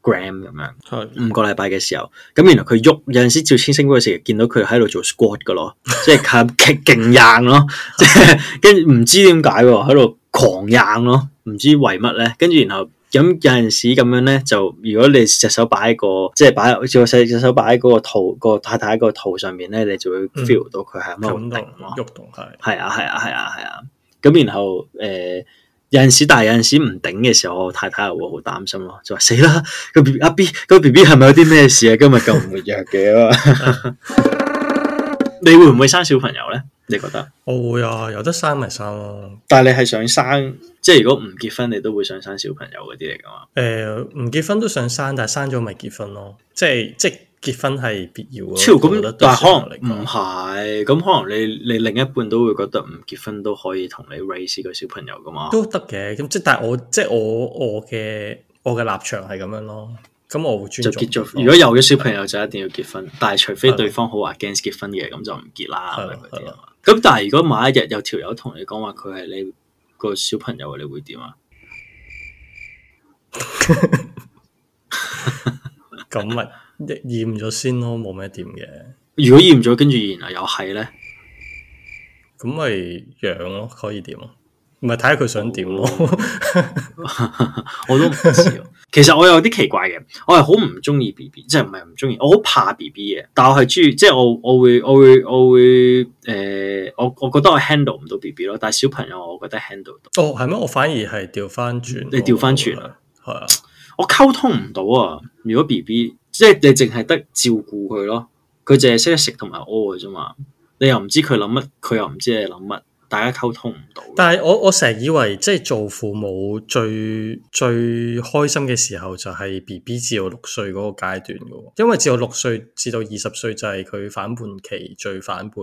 gram 咁樣。的五個禮拜嘅時候，咁原來佢喐，有陣時照超聲波嘅時，見到佢喺度做 squat 嘅咯，即係佢極勁硬咯，即係跟住唔知點解喎，喺度狂硬咯，唔知為乜咧，跟住然後。咁有陣時咁樣咧，就如果你隻手擺喺個，即係擺，好似我細隻手擺喺嗰個肚，個太太個肚上面咧，你就會 feel 到佢係冇頂咯，喐、嗯、動係。係啊係啊係啊係啊，咁、啊啊啊啊、然後誒、呃，有陣時但係有陣時唔頂嘅時候，時候時候我太太又會好擔心咯，就話死啦、個 B 阿 B 個 B B 係咪有啲咩事啊？今日咁唔活躍嘅、啊， 的 你會唔會生小朋友咧？你覺得我會啊，有得生咪生咯，啊。但係你係想生，即係如果唔結婚，你都會想生小朋友嗰啲嚟噶嘛？誒、呃，唔結婚都想生，但係生咗咪結婚咯。即係即係結婚係必要啊。超咁，但係可能唔係，咁可能你你另一半都會覺得唔結婚都可以同你 raise 個小朋友噶嘛？都得嘅。咁即係但係我即係我我嘅我嘅立場係咁樣咯。咁我會尊重。就結咗。如果有咗小朋友，就一定要結婚。嗯、但係除非對方好話驚結婚嘅，咁對就唔結啦。吧吧咁但係如果某一日有條友同你講話佢係你個小朋友，你會點啊？咁咪驗咗先咯，冇咩點嘅。如果驗咗，跟住然後又係咧，咁咪養咯，可以點？唔係睇下佢想點咯。 我都唔知。 其實我有啲奇怪嘅，我係好唔中意 B B，即係唔係唔中意，我好怕 B B 嘅，但我係中意，即係我我會我會我會誒，我、呃、我覺得我 handle 唔到 B B 咯，但係小朋友我覺得 handle 到。哦，係咩？我反而係調翻轉，你調翻轉啊？係啊，我溝通唔到啊！如果 B B，即係你淨係得照顧佢咯，佢淨係識得食同埋屙嘅啫嘛，你又唔知佢諗乜，佢又唔知你諗乜。大家溝通唔到。但係我我成日以為即係做父母最最開心嘅時候就係 B B 至到六歲嗰個階段嘅，因為至到六歲至到二十歲就係佢反叛期最反叛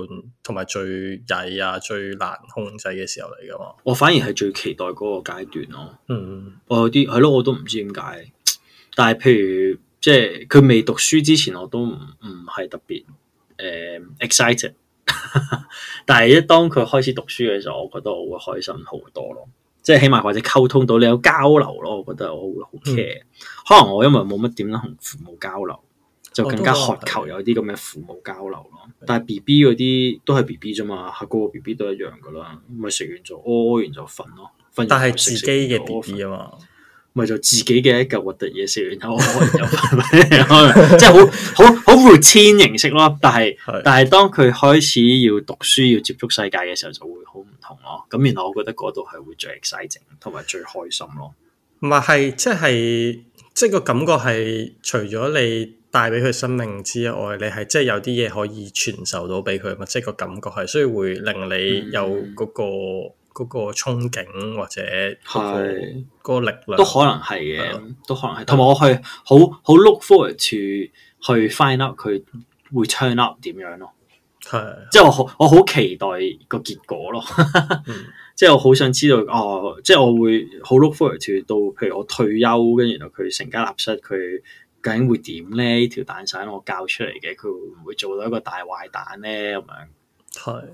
同埋最曳啊，最難控制嘅時候嚟㗎嘛。我反而係最期待嗰個階段咯。嗯，我有啲係咯，我都唔知點解。但係譬如即係佢未讀書之前，我都唔唔係特別誒、嗯、excited。 但係一當佢開始讀書嘅時候，我覺得我會開心好多咯，即係起碼或者溝通到你有交流咯，我覺得我會好 care。嗯、可能我因為冇乜點同父母交流，就更加渴求有啲咁嘅父母交流咯。哦、嗯、但係 B B 嗰啲都係 B B 啫嘛，個個 B B 都一樣噶啦，咪食完就屙，屙完就瞓咯。但係自己嘅 B B 啊嘛。咪就自己嘅一嚿核突嘢食完，然後 可能有， 能即係好好好 routine 形式咯。但係 但係，當佢開始要讀書、要接觸世界嘅時候，就會好唔同咯。咁原來我覺得嗰度係會最 exciting 同埋最開心咯。唔係，係即係即係個感覺係，除咗你帶俾佢生命之外，你係即係有啲嘢可以傳授到俾佢嘛？即係個感覺係，所以會令你有嗰個。嗯嗰個憧憬或者係、那、嗰、個、是個力量都可能係嘅，的都可能係。同埋我去好好 look forward to，去 find out 佢會 turn up 點樣咯。係的，即係我好我好期待個結果咯。 即係我好想知道哦，即係我會好 look forward to 到，譬如我退休跟住然後佢成家立室，佢究竟會點咧？條蛋散我教出嚟嘅，佢會唔會做到一個大壞蛋咧？咁樣係。的的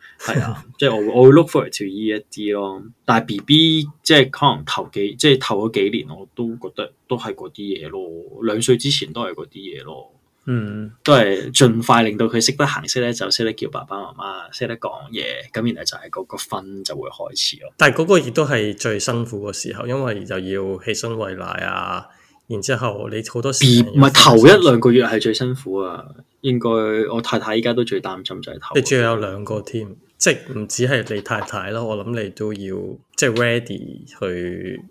係啊即係我我會 look forward to 依一啲咯。但係 B B 即係可能頭幾即係頭嗰幾年，我都覺得都係嗰啲嘢咯。兩歲之前都係嗰啲嘢咯。嗯，都係盡快令到佢識得行識咧，就識得叫爸爸媽媽，識得講嘢。咁然之後就係嗰個瞓就會開始咯。但係嗰個亦都係最辛苦個時候，因為就要起身餵奶啊。然之後你好多時，唔係頭一兩個月係最辛苦啊。應該我太太依家都最擔心仔頭，你仲要有兩個添，即係唔止係你太太啦，我諗你都要即係 ready 去，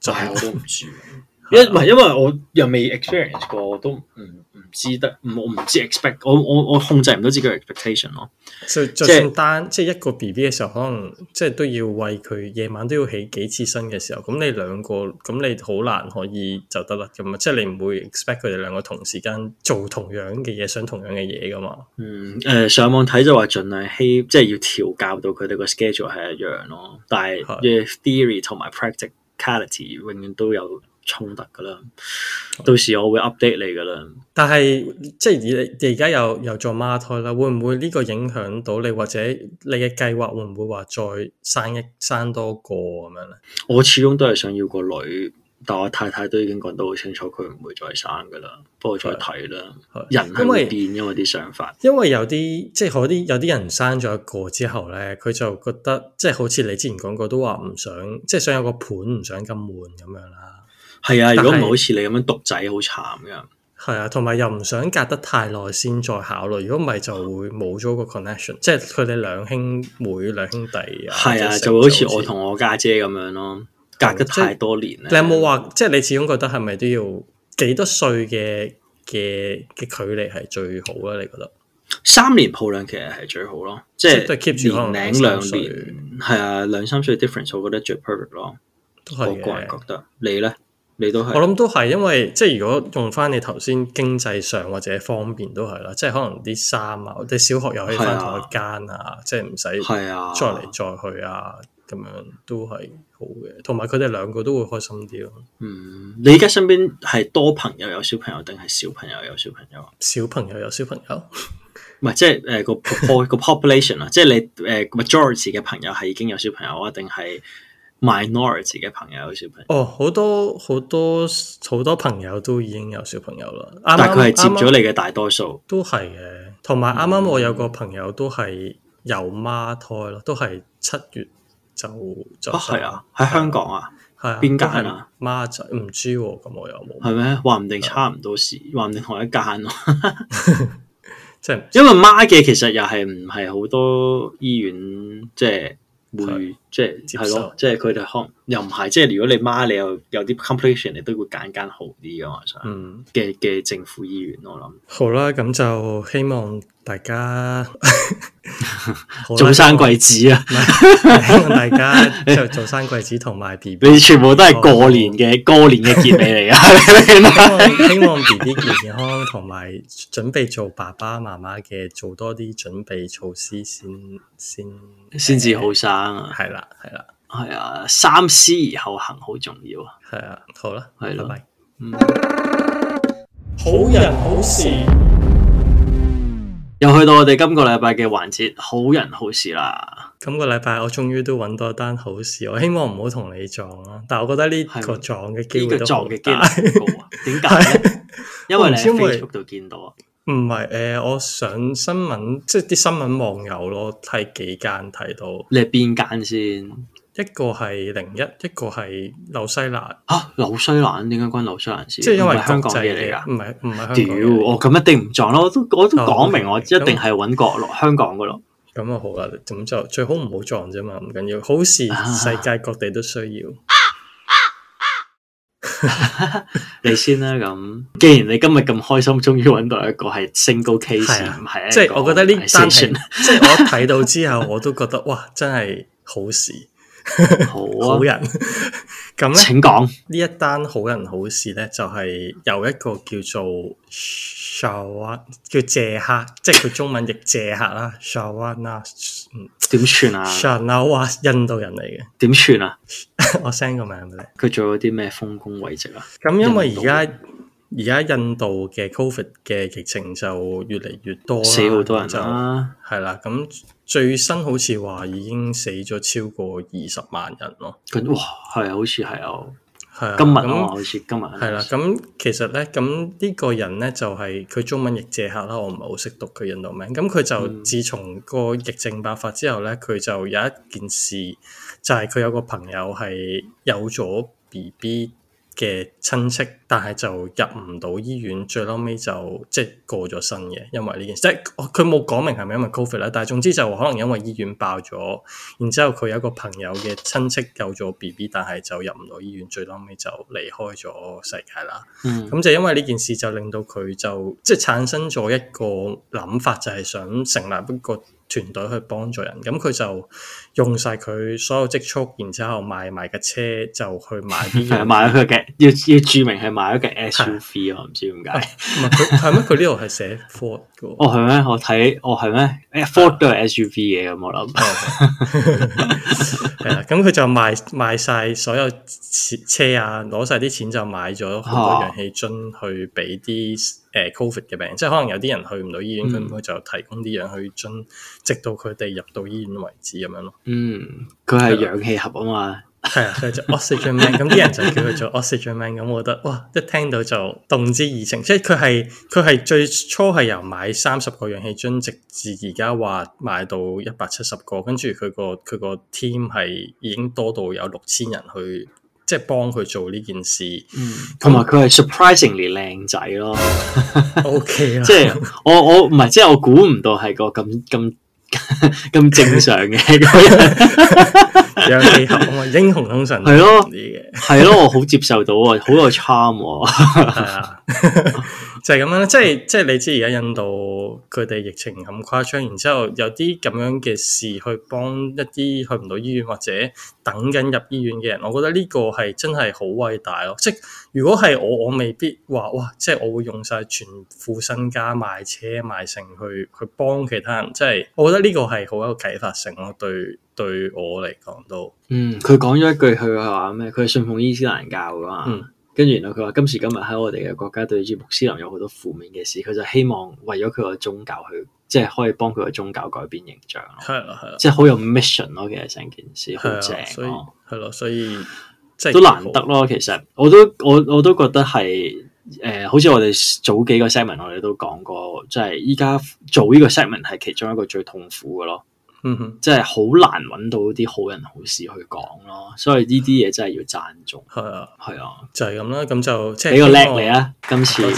就係、哎、我都唔知，一唔 因，因為我又未 experience 過，我都唔。嗯唔知得，我唔知 expect，我我我控制唔到自己 expectation 咯 So, 即。就即係單即係一個 BB 嘅時候，可能即係都要餵佢，夜晚都要起幾次身嘅時候，咁你兩個咁你好難可以就得啦，咁啊，即係你唔會 expect 佢哋兩個同時間做同樣嘅嘢，想同樣嘅嘢噶嘛。嗯，誒、呃、上網睇就話盡量希，即、就、係、是、要調教到佢哋個 schedule 係一樣咯。但係嘅 theory 同埋 practicality 永遠都有衝突噶啦，到時我會 update 你噶啦。但係即係而你而家又又做孖胎啦，會唔會呢個影響到你或者你嘅計劃會唔會話再生一、生多個咁樣咧？我始終都係想要個女，但我太太都已經講得好清楚，佢唔會再生噶啦。不過再睇啦，人會變咗我啲想法因，因為有啲即係嗰啲有啲人生咗一個之後咧，佢就覺得即係、即係、好似你之前講過都，都話唔想即係想有個伴，唔想咁悶咁樣啦。係啊，如果唔係好似你咁樣獨仔好慘噶。係啊，同埋又唔想隔得太耐先再考慮，如果唔係就會冇咗個 connection。即係佢哋兩兄妹、兩兄弟啊，係啊的，就好似我同我家姐咁樣咯，的隔得太多年，你有冇話？即係你始終覺得係咪都要幾多歲嘅嘅嘅距離係最好啊？你覺得三年抱兩其實係最好咯，即係 keep 住可能年多兩年係啊，兩三歲 difference 我覺得最 perfect 咯。的我個人覺得，你咧？你都係，我諗都係，因為即係如果用翻你頭先經濟上或者方便都係啦，即係可能啲衫啊，或者小學又可以翻同一間啊，即係唔使係啊，再嚟再去啊，咁樣都係好嘅。同埋佢哋兩個都會開心啲咯。嗯，你而家身邊係多朋友有小朋友，定係小朋友有小朋友？小朋友有小朋友，唔 係即係誒個 pop 個 population 啊， 即、呃、係你誒 majority 嘅朋友係已經有小朋友啊，定係？minority 嘅朋友小朋友哦，好多好多好多朋友都已經有小朋友啦。剛剛但佢係接咗你嘅大多數剛剛都係嘅，同埋啱啱我有個朋友都係有孖胎咯，嗯、都係七月就就係、哦、啊，喺香港啊，係啊、邊間啊？孖仔唔知咁、啊、我又冇係咩？話唔定差唔多時，話唔定同一間咯。即係 因為孖嘅其實又係唔係好多醫院即係。就是會是即係係咯，即係佢哋可能又唔係，即係如果你媽你有有啲 complication 你都會揀間好啲嘅嘛，我想嘅嘅政府醫院我諗。好啦，咁就希望。大家早生貴子啊！希望大家就早生貴子同埋 B，你全部都係過年嘅過年嘅結尾嚟啊！希望希望 B B 健健康康，同埋 準備做爸爸媽媽嘅，做多啲準備措施先先先至好生啊！係啦係啦，係啊、哎，三思而後行好重要啊！係啊，好啦，係了拜拜。嗯，好人好事。又去到我哋今個禮拜嘅環節好人好事啦！今個禮拜我終於都揾到一單好事，我希望唔好同你撞咯。但係我覺得呢個,嗎個撞嘅機會都好大。點解？ 因為你喺 Facebook 度見到啊？唔係誒，我上新聞即係啲新聞網友咯，睇幾間睇到。你係邊間先？一個係零一，一個係紐西蘭。吓，紐西蘭？點解關紐西蘭事？即係因為香港嘢嚟噶，唔係唔係？屌，我咁一定唔撞咯。我都我都講明，我一定係揾角落香港噶咯。咁啊好啦，咁就最好唔好撞啫嘛，唔緊要。好事，世界各地都需要。你先啦，咁既然你今日咁開心，終於揾到一個係 single case，係啊，即係我覺得呢單，即係我睇到之後，我都覺得哇，真係好事。好啊！好人。咁咧，請講呢一單好人好事咧，就係、是、有一個叫做 Shawan，叫謝客，即係佢中文譯「謝客」啦。Shawan 啊，嗯，點串啊？Shawan 印度人嚟嘅。點 串啊？ 我 send 個名俾你。佢做咗啲咩豐功偉績啊？咁因為而家。而家印度嘅 Covid 嘅疫情就越嚟越多啦，死好多人啦，啊，係啦。咁最新好似話已經死咗超過二十萬人咯。咁哇，係好似係有今日啊，好似今日。係啦的，咁的其實咧，咁呢個人咧就係、是、佢中文譯借客啦，我唔係好識讀佢印度名。咁佢就自從個疫症爆發之後咧，佢就有一件事，就係、是、佢有個朋友係有咗 B B。嘅親戚，但係就入唔到醫院，最嬲尾就即係過咗身嘅。因為呢件事，即係佢冇講明係咪因為 Covid 啦，但係總之就可能因為醫院爆咗，然之後佢有一個朋友嘅親戚救咗 BB，但係就入唔到醫院，最嬲尾就離開咗世界啦。嗯，咁就因為呢件事就令到佢就即係產生咗一個諗法，就係想成立一個。團隊去幫助人，咁佢就用晒佢所有積蓄，然之後賣埋架車就去買啲。係賣咗佢嘅，要要註明係買咗架 SUV 咯，唔知點解。唔係咩？佢呢度係寫 Ford 嘅。哦係咩？我睇，哦係咩？Ford 都係 SUV 嘅。咁，我諗。係啦，咁佢就賣賣晒所有車啊，攞晒啲錢就買咗好多氧氣樽去俾啲。誒 Covid 嘅病，即係可能有啲人去唔到醫院，佢唔會、嗯、就提供啲氧氣樽，直到佢哋入到醫院為止咁樣咯。嗯，佢係氧氣盒啊嘛，係啊，佢 係做 oxygen man，咁啲人就叫佢做 oxygen man，咁我覺得哇，一聽到就動之以情，即係佢係佢係最初係由買三十個氧氣樽，直至而家話買到一百七十個，跟住佢個佢個 team 係已經多到有六千人去。即係幫佢做呢件事，嗯，同埋佢係 surprisingly 靚仔咯。 OK 啦， 即係我我唔係即係我估唔到係個咁咁咁正常嘅咁樣，有技巧啊！英雄通常係咯，係 咯、 啊啊，我好接受到啊，好有 charm。 就係咁樣，即係即係你知而家印度佢哋疫情咁誇張，然之後有啲咁樣嘅事去幫一啲去唔到醫院或者等緊入醫院嘅人，我覺得呢個係真係好偉大咯！即係如果係我，我未必話哇，即係我會用晒全副身家賣車賣成去去幫其他人。即係我覺得呢個係好有個啟發性咯，對對我嚟講都。嗯，佢講咗一句佢話咩？佢信奉伊斯蘭教㗎嘛？嗯跟住，然後佢話今時今日喺我哋嘅國家對住穆斯林有好多負面嘅事，佢就希望為咗佢個宗教去，即係可以幫佢個宗教改變形象。係啦係啦，即係好有 mission 咯，其實成件事好正。係咯，所以，所以都難得咯。其實我都我我都覺得係，誒、呃，好似我哋早幾個 segment 我哋都講過，即係依家做呢個 segment 係其中一個最痛苦嘅咯。嗯哼，即係好難揾到啲好人好事去講咯，所以呢啲嘢真係要贊助。係、嗯、哼啊，係啊，就係咁啦。咁就即係比較叻嚟啊！今次多謝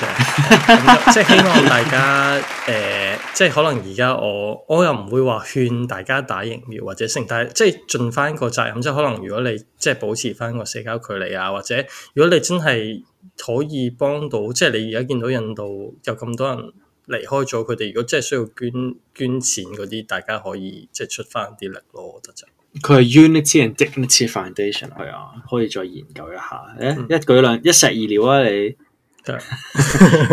即係希望大家誒，即、呃、係、就是、可能而家我我又唔會話勸大家打疫苗或者勝，但係即係盡翻個責任，即、就、係、是、可能如果你即係、就是、保持翻個社交距離啊，或者如果你真係可以幫到，即、就、係、是、你而家見到印度有咁多人。離開咗佢哋，如果真係需要捐捐錢嗰啲，大家可以即係、就是、出翻啲力咯，我覺得就。佢係 Unity and Dignity Foundation 嚟啊，可以再研究一下。誒，嗯、一舉兩一石二鳥啊！你是的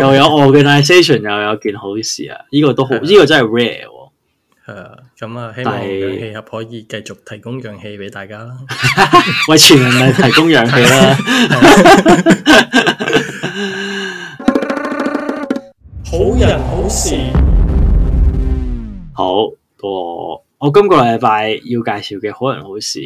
又有 organisation 又有件好事啊！呢、這個都好，呢是的 個真係 rare。係啊，咁啊，希望氧氣盒可以繼續提供氧氣俾大家，啦。 為全人類提供氧氣啦。好人好事好，好個，我今個禮拜要介紹嘅好人好事，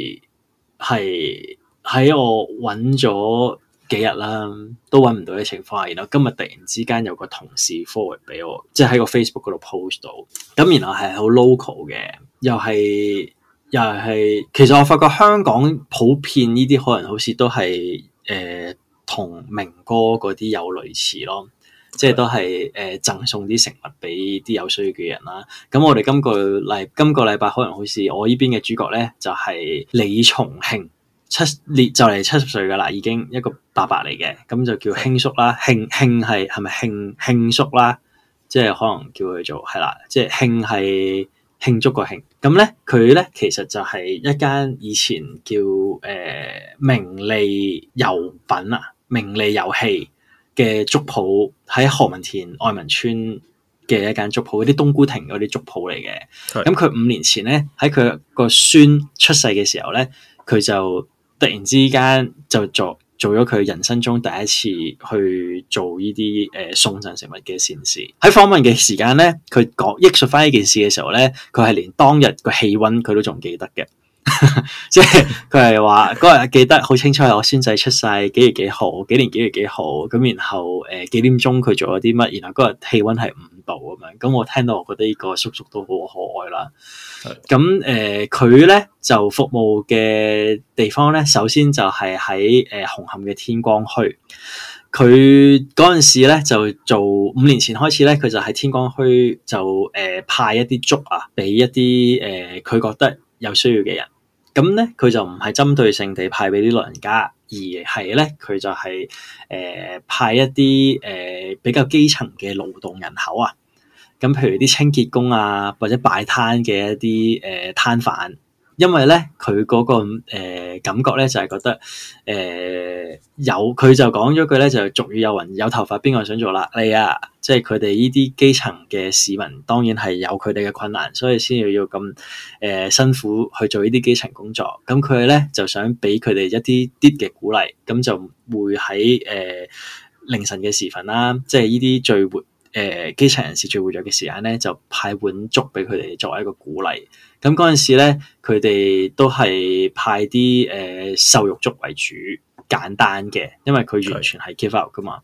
係喺我搵咗幾日啦，都搵唔到嘅情況下，然後今日突然之間有個同事 forward 俾我，即係喺個 Facebook 嗰度 post 到，咁然後係好 local 嘅，又係又係，其實我發覺香港普遍呢啲好人好事都係誒同明哥嗰啲有類似咯。即係都係誒，贈、呃、送啲食物俾啲有需要嘅人啦。咁我哋今個禮今個禮拜可能好似我呢邊嘅主角咧，就係、是、李松慶，七年就嚟七十歲噶啦，已經一個伯伯嚟嘅，咁就叫慶叔啦。慶慶係係咪慶慶叔啦？即係可能叫佢做係啦。即係慶係慶祝個慶。咁咧佢咧其實就係一間以前叫誒、呃、名利油品啊，名利遊戲。嘅粥鋪喺何文田愛民村嘅一間粥鋪，嗰啲冬菇亭嗰啲粥鋪嚟嘅。咁佢五年前咧喺佢個孫出世嘅時候咧，佢就突然之間就做做咗佢人生中第一次去做呢啲誒送贈食物嘅善事。喺訪問嘅時間咧，佢講憶述翻呢件事嘅時候咧，佢係連當日個氣温佢都仲記得嘅。即係佢係話嗰日記得好清楚，係我孫仔出世幾月幾號，幾年幾月幾號咁，然後誒、呃、幾點鐘佢做咗啲乜，然後嗰日氣温係五度咁樣，咁我聽到我覺得呢個叔叔都好可愛啦。咁誒的，佢咧、呃、就服務嘅地方咧，首先就係喺誒紅磡嘅天光墟。佢嗰陣時咧就做五年前開始咧，佢就喺天光墟就誒、呃、派一啲粥啊，俾一啲誒佢覺得。有需要嘅人，咁咧佢就唔係針對性地派俾啲老人家，而係咧佢就係、是、誒、呃、派一啲誒、呃、比較基層嘅勞動人口啊。咁譬如啲清潔工啊，或者擺攤嘅一啲誒、呃、攤販。因為咧，佢嗰、那個誒、呃、感覺咧，就係、是、覺得誒、呃、有，佢就講咗句咧，就俗語有云：有頭髮，邊個想做啦？你、哎、呀，即係佢哋呢啲基層嘅市民，當然係有佢哋嘅困難，所以先要要咁誒辛苦去做呢啲基層工作。咁佢咧就想俾佢哋一啲啲嘅鼓勵，咁就會喺誒、呃、凌晨嘅時分啦，即係呢啲聚會誒基層人士聚會咗嘅時間咧，就派碗粥俾佢哋作為一個鼓勵。咁嗰陣時咧，佢哋都係派啲誒瘦肉粥為主，簡單嘅，因為佢完全係 give out 噶嘛。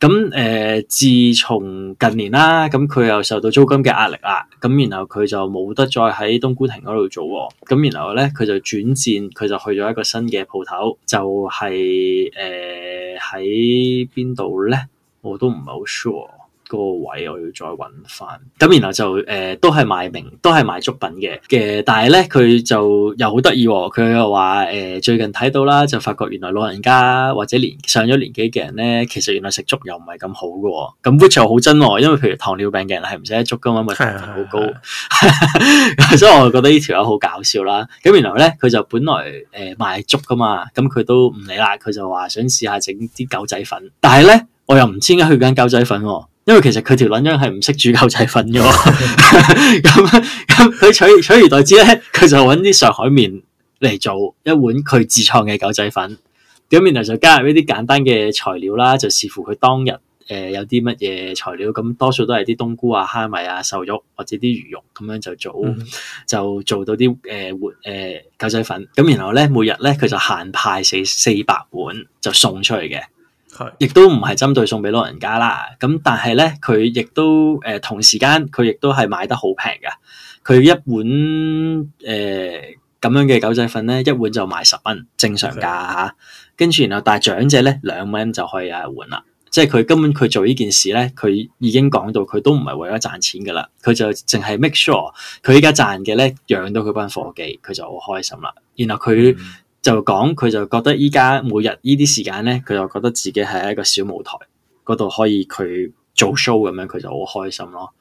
咁誒、嗯呃，自從近年啦，咁、嗯、佢又受到租金嘅壓力啊，咁然後佢就冇得再喺冬菇亭嗰度做，咁然後咧佢就轉戰，佢就去咗一個新嘅鋪頭，就係誒喺邊度咧，我都唔係好 sure。嗰個位我要再揾翻，咁然後就誒、呃、都係賣名，都係賣粥品嘅嘅，但係咧佢就又好得意，佢又話誒最近睇到啦，就發覺原來老人家或者年上咗年紀嘅人咧，其實原來食粥又唔係咁好嘅，咁 which 又好真、哦，因為譬如糖尿病嘅人係唔食得粥㗎嘛，咪糖好高， 所以我又覺得呢條友好搞笑啦。咁原來咧佢就本來誒、呃、賣粥㗎嘛，咁佢都唔理啦，佢就話想試下整啲狗仔粉，但係咧我又唔知點解揀狗仔粉、哦。因為其實佢條卵樣係唔識煮狗仔粉嘅， 咁咁佢取取而代之咧，佢就揾啲上海麵嚟做一碗佢自創嘅狗仔粉，咁然後就加入一啲簡單嘅材料啦，就視乎佢當日誒、呃、有啲乜嘢材料，咁多數都係啲冬菇啊、蝦米啊、瘦肉或者啲魚肉咁樣就做，嗯、就做到啲誒活誒狗仔粉，咁然後咧每日咧佢就限派四四百碗就送出去嘅。亦都唔係針對送俾老人家啦，咁但係咧，佢亦都誒、呃、同時間，佢亦都係賣得好平噶。佢一碗誒咁、呃、樣嘅狗仔粉咧，一碗就賣十蚊，正常價吓。跟住的然後，但係長者咧兩蚊就可以誒換啦。即係佢根本佢做呢件事咧，佢已經講到佢都唔係為咗賺錢噶啦，佢就淨係 make sure 佢依家賺嘅咧養到佢班伙計，佢就好開心啦。然後佢。嗯就講佢就覺得依家每日呢啲時間咧，佢就覺得自己係一個小舞台嗰度可以佢做 show 咁樣，佢就好開心咯。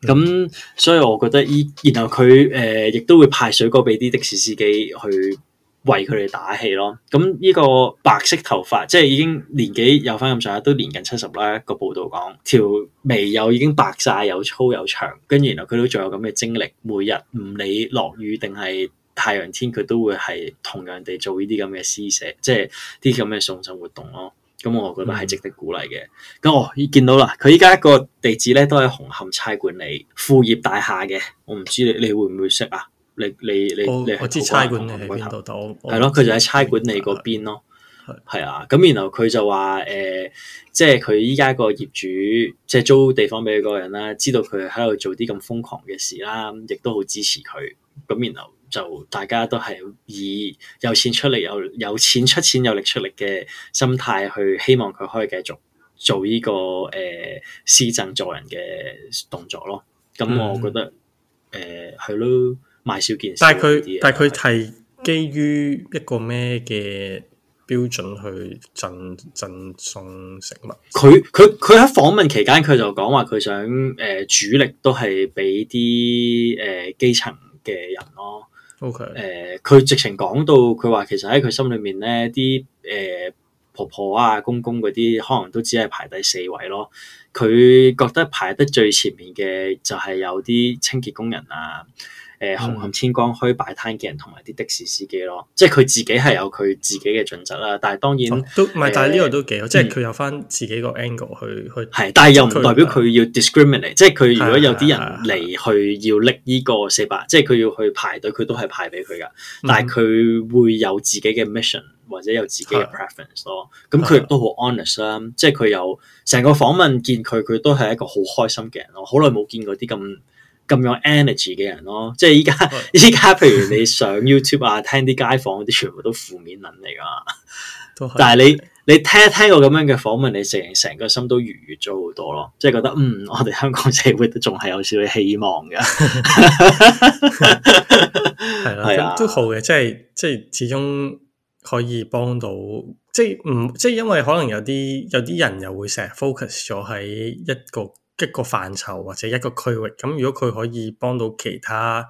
咁所以我覺得依，然後佢誒、呃、亦都會派水果俾啲的士司機去為佢哋打氣咯。咁呢個白色頭髮，即係已經年紀有翻咁上下，都年近七十啦。個報道講條眉又已經白晒，又粗又長，跟住然後佢都仲有咁嘅精力，每日唔理落雨定係，太陽天佢都會係同樣地做呢啲咁嘅施捨，即係啲咁嘅送贈活動咯。咁我覺得係值得鼓勵嘅。咁我、嗯哦、見到啦，佢依家個地址咧都喺紅磡差館里副業大廈嘅。我唔知你，你會唔會識啊？你你你你我，我知差館里喺邊度？係咯，佢就喺差館里嗰邊咯。係啊的。咁然後佢就話誒、呃，即係佢依家個業主即係、就是、租地方俾佢個人啦，知道佢喺度做啲咁瘋狂嘅事啦，亦都好支持佢。咁然後。就大家都係以有錢出力」、「有有錢出錢有力出力嘅心態去希望佢可以繼續做呢、這個誒施贈助人嘅動作咯。咁我覺得誒係、嗯呃、咯，賣少件事，但係佢但係佢係基於一個咩嘅標準去贈贈送食物？佢佢佢喺訪問期間佢就講話佢想誒、呃、主力都係俾啲誒基層嘅人咯。O K，誒佢直情講到佢話，其實喺佢心裏面咧，啲誒、呃、婆婆啊、公公嗰啲，可能都只係排第四位咯。佢覺得排得最前面嘅就係有啲清潔工人啊。誒紅磡天光墟擺攤嘅人同埋啲的士司機咯，即係佢自己係有佢自己嘅準則啦。但係當然都唔係，但係呢個都幾好，即係佢有返自己個 angle 去去。係，但係又唔代表佢要 discriminate，即係佢如果有啲人嚟去要拎呢個四百，即係佢要去排隊，佢都係排俾佢㗎。但係佢會有自己嘅 mission 或者有自己嘅 preference 咯。咁佢亦都好 honest 啦，即係佢有成個訪問見佢，佢都係一個好開心嘅人。我好耐冇見過啲咁。咁有 energy 嘅人咯，即係依家依家， 譬如你上 YouTube 啊，聽啲街坊嗰啲，全部都負面論嚟㗎。都是 但係你是的 你聽一聽個咁樣嘅訪問，你成成個心都愉悅咗好多咯。即係覺得嗯，我哋香港社會都仲係有少少希望嘅。係啦，咁都好嘅，即係即係始終可以幫到。即係唔即係因為可能有啲有啲人又會成日 focus 咗喺一個。一個範疇或者一個區域，咁如果佢可以幫到其他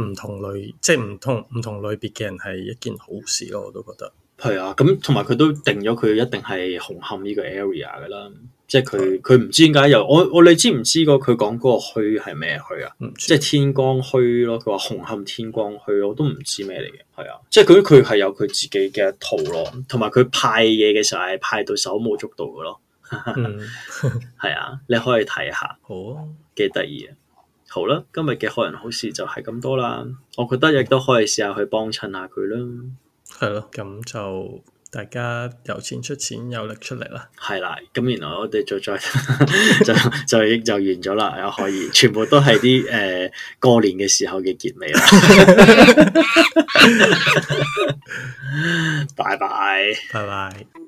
唔同類，即係唔同唔同類別嘅人，係一件好事咯。我都覺得係啊。咁同埋佢都定咗佢一定係紅磡呢個 area 㗎啦。即係佢佢唔知點解又我我你知唔知講過個佢講嗰個墟係咩墟啊？嗯、即係天光墟咯。佢話紅磡天光墟，我都唔知咩嚟嘅。係啊，即係佢佢係有佢自己嘅一套咯。同埋佢派嘢嘅時候係派到手舞足蹈嘅咯。係 啊，你可以睇下，好，幾得意啊。好啦，今日嘅好人好事就係咁多啦。我覺得亦都可以試下去幫襯下佢啦。係咯、 啊，咁就大家有錢出錢，有力出力啦。係啦、啊，咁原來我哋就再 就就已經就完咗啦。 又可以，全部都係啲誒過年嘅時候嘅結尾啦。拜拜，拜拜。